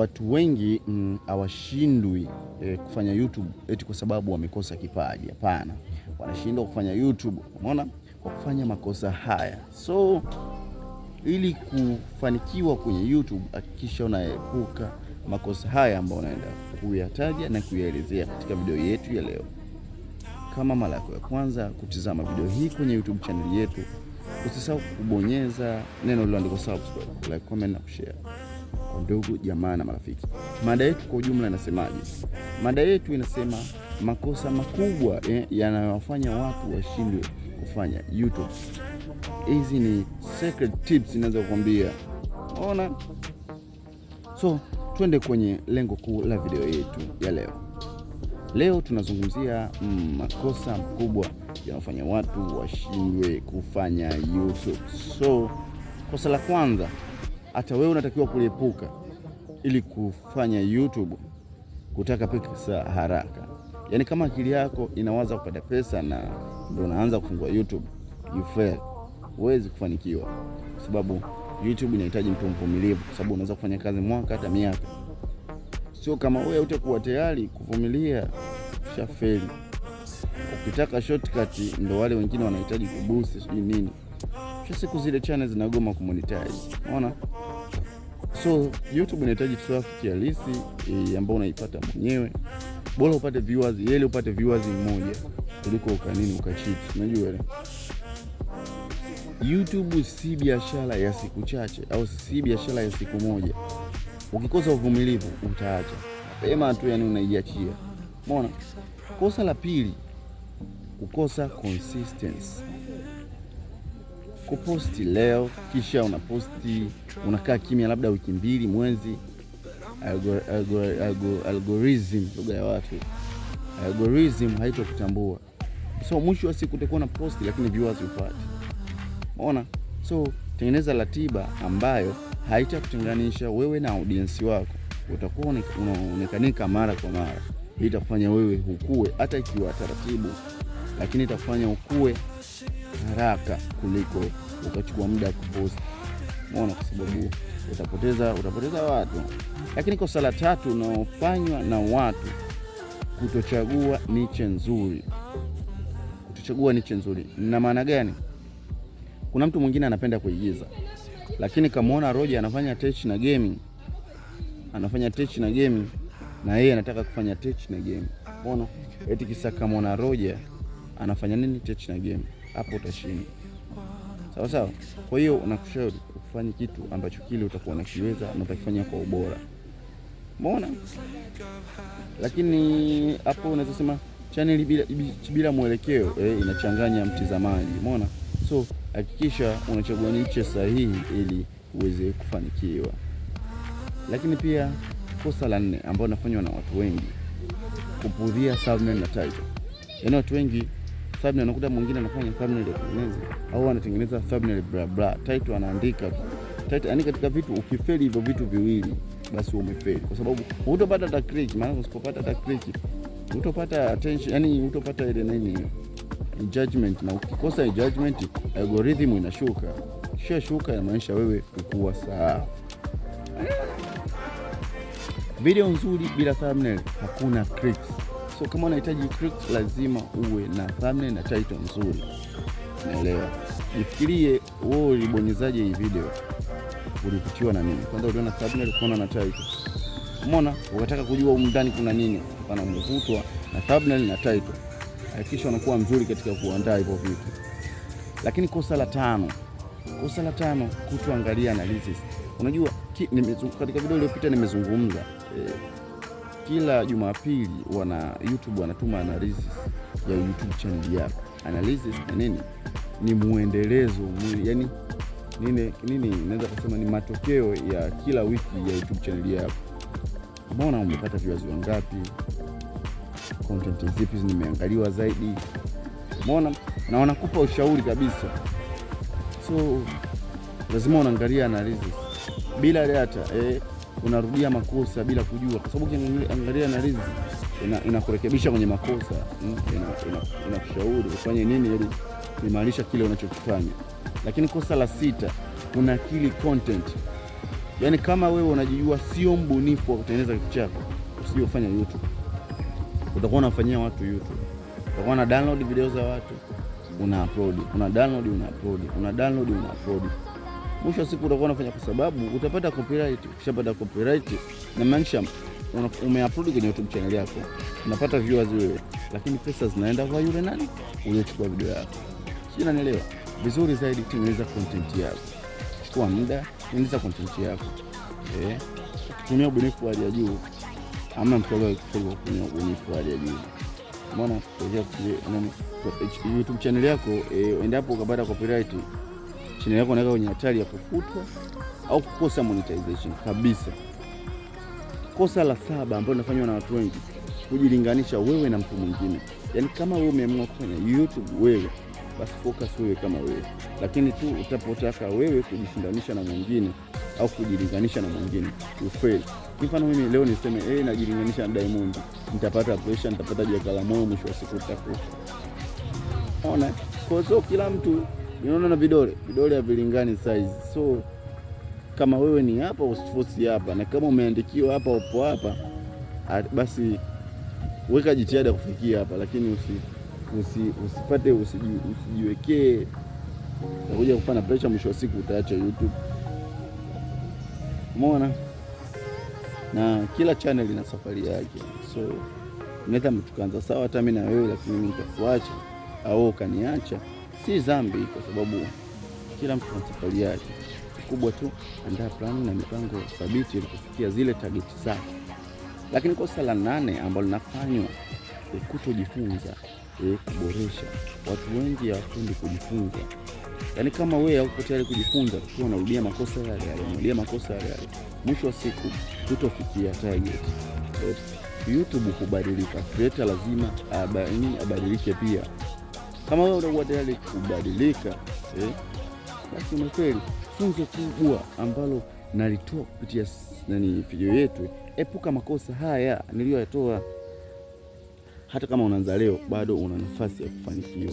watu wengi mm, hawashindwi e, kufanya YouTube eti kwa sababu wamekosa kipaji. Hapana, wanashindwa kufanya YouTube, umeona, kwa kufanya makosa haya. So ili kufanikiwa kwenye YouTube, hakikisha unaepuka makosa haya ambayo unaenda kuyataja na kuyaelezea katika video yetu ya leo. Kama mara yako ya kwanza kutizama video hii kwenye YouTube chaneli yetu, usisahau kubonyeza neno lililoandikwa subscribe, like, comment na kushare kwa ndugu jamaa na marafiki. Mada yetu kwa ujumla inasemaje? Mada yetu inasema makosa makubwa eh, yanayowafanya watu washindwe kufanya YouTube. Hizi ni secret tips inaweza kukwambia, ona. So twende kwenye lengo kuu la video yetu ya leo. Leo tunazungumzia mm, makosa makubwa yanayofanya watu washindwe kufanya YouTube. So kosa la kwanza hata wewe unatakiwa kuliepuka, ili kufanya YouTube kutaka pesa haraka. Yaani kama akili yako inawaza kupata pesa na ndio unaanza kufungua YouTube, you fail, huwezi kufanikiwa, kwa sababu YouTube inahitaji mtu mvumilivu, kwa sababu unaweza kufanya kazi mwaka hata miaka, sio kama wewe utakuwa tayari kuvumilia, ushafeli. Ukitaka shortcut, ndo wale wengine wanahitaji kuboost sijui nini, kisha siku zile channel zinagoma kumonetize, unaona. So YouTube inahitaji trafiki halisi e, ambayo unaipata mwenyewe. Bora upate viewers yele, upate viewers mmoja kuliko ukanini ukachiti. Unajua ile YouTube si biashara ya siku chache au si biashara ya siku moja. Ukikosa uvumilivu utaacha mapema tu, yani unaiachia. Umeona? Kosa la pili, kukosa consistency kuposti leo, kisha unaposti unakaa kimya, labda wiki mbili, mwezi. algorithm, lugha ya watu, algorithm haitokutambua. So mwisho wa siku utakuwa na posti, lakini viewers upate ona. So tengeneza ratiba ambayo haitakutenganisha wewe na audiensi wako. Utakuwa unaonekanika mara kwa mara, itakufanya wewe ukue, hata ikiwa taratibu, lakini itakufanya ukue haraka kuliko ukachukua muda kuposti. mona kwa sababu utapoteza utapoteza watu. Lakini kosa la tatu unaofanywa na watu kutochagua niche nzuri, kutochagua niche nzuri. Na maana gani? Kuna mtu mwingine anapenda kuigiza, lakini kamwona Roja anafanya tech na gaming, anafanya tech na gaming, na yeye anataka kufanya tech na gaming. mona eti kisa kamwona Roja anafanya nini tech na gaming hapo utashinda. Sawa sawa. Kwa hiyo unakushauri ufanye kitu ambacho kile utakuwa unakiweza na utakifanya kwa ubora, umeona. Lakini hapo unaweza sema chaneli bila, bila mwelekeo eh, inachanganya mtizamaji umeona. So hakikisha unachagua niche sahihi ili uweze kufanikiwa. Lakini pia kosa la nne ambalo nafanywa na watu wengi, kupudhia thumbnail na title. Yaani watu wengi thumbnail, unakuta mwingine anafanya thumbnail ya kutengeneza au anatengeneza thumbnail bla bla, title anaandika title, yani katika vitu ukifeli hivyo vitu viwili, basi umefeli, kwa sababu hutopata hata click. Maana usipopata hata click utopata attention, yani utopata ile nini judgment, na ukikosa judgment algorithm inashuka, kisha shuka inamaanisha wewe ukuwa saa video nzuri bila thumbnail hakuna clicks. So kama unahitaji click, lazima uwe na thumbnail na title nzuri, naelewa. Jifikirie wewe ulibonyezaje hii video, ulivutiwa na nini? Kwanza uliona thumbnail, ukaona na title, umeona ukataka kujua huko kuna nini, kana umevutwa na thumbnail na title. Hakikisha unakuwa mzuri katika kuandaa hivyo vitu. Lakini kosa la tano, kosa la tano, kutoangalia analysis. Unajua katika video iliyopita nimezungumza eh, kila Jumapili wana YouTube wanatuma analysis ya YouTube channel yako. Analysis na nini ni muendelezo yani nini nini naweza kusema ni matokeo ya kila wiki ya YouTube channel yako. Mbona umepata viewers wangapi, content zipi zimeangaliwa zaidi, Mbona na wanakupa ushauri kabisa. So lazima unaangalia analysis bila data eh unarudia makosa bila kujua, kwa sababu ukiangalia analizi inakurekebisha ina kwenye makosa, inakushauri mm, ina, ina ufanye nini ili kuimarisha kile unachokifanya. Lakini kosa la sita, unakili content, yaani kama wewe unajijua sio mbunifu wa kutengeneza kitu chako, usije ufanya YouTube. Utakuwa unafanyia watu YouTube, utakuwa una download video za watu una upload, una download, una upload, una download, una upload mwisho wa siku utakuwa unafanya kwa sababu utapata copyright. Ukishapata copyright, na maanisha umeupload kwenye YouTube channel yako, unapata viewers wewe, lakini pesa zinaenda kwa yule nani uliochukua video yako. sio? unanielewa vizuri zaidi. Tengeneza content yako, chukua muda, tengeneza content yako eh, ukitumia ubunifu wa hali ya juu, ama mtolewa kwa kutumia ubunifu wa hali ya juu mbona YouTube channel yako eh, endapo ukapata copyright channel yako unaweka kwenye hatari ya kufutwa au kukosa monetization kabisa. Kosa la saba ambalo linafanywa na watu wengi, kujilinganisha wewe na mtu mwingine. Yaani kama wewe umeamua kufanya YouTube wewe, basi focus wewe kama wewe, lakini tu utapotaka wewe kujishindanisha na mwingine au kujilinganisha na mwingine ufail. Mfano mimi leo niseme eh, najilinganisha na Diamond, nitapata pressure, nitapata jaga la moyo, mwisho wa siku tutakufa. Ona, kwa hiyo kila mtu unaona, na vidole vidole havilingani size. So kama wewe ni hapa, usifosi hapa, na kama umeandikiwa hapa, upo hapa, ah, basi weka jitihada kufikia hapa, lakini usi, usi, usipate usijiwekee usi, utakuja kufanya presha. Mwisho wa siku utaacha YouTube. Umeona, na kila channel ina safari yake, so naeza mtukaanza sawa, hata mimi na wewe, lakini mimi nitakuacha au ukaniacha si dhambi, kwa sababu kila mtu ana safari yake. kubwa tu andaa plani na mipango thabiti ili kufikia zile tageti zake. Lakini kosa la nane ambalo linafanywa ni kutojifunza kuboresha. Watu wengi hawapendi kujifunza, yaani kama wewe hauko tayari kujifunza, tu unarudia makosa yale yale, unarudia makosa yale yale, mwisho wa siku hutofikia target. YouTube hubadilika, creator lazima abadilike pia. Kama wewe unakuwa tayari kubadilika eh, basi umefeli. Funzo kubwa ambalo nalitoa kupitia nani video yetu, epuka makosa haya niliyoyatoa. Hata kama unaanza leo, bado una nafasi ya kufanikiwa.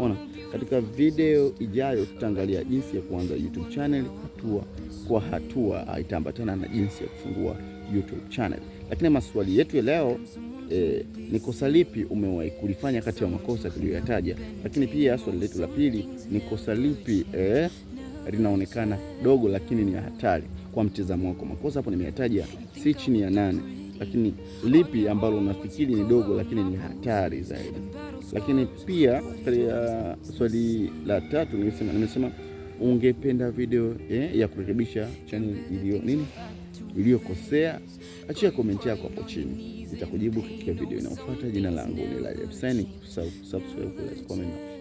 Ona, katika video ijayo tutaangalia jinsi ya kuanza YouTube channel hatua kwa hatua, itambatana na jinsi ya kufungua YouTube channel. Lakini maswali yetu ya leo e, ni kosa lipi umewahi kulifanya kati ya makosa tuliyoyataja? Lakini pia swali letu la pili ni kosa lipi e, linaonekana dogo lakini ni hatari kwa mtizamo wako? Makosa hapo nimeyataja si chini ya nane, lakini lipi ambalo unafikiri ni dogo lakini ni hatari zaidi? Lakini pia katika swali la tatu nimesema nimesema ungependa video eh, ya kurekebisha channel iliyo nini iliyokosea, achia komenti yako hapo chini, nitakujibu katika video inayofuata. Jina langu ni Lailepsa, nikusahau subscribe, kulike, comment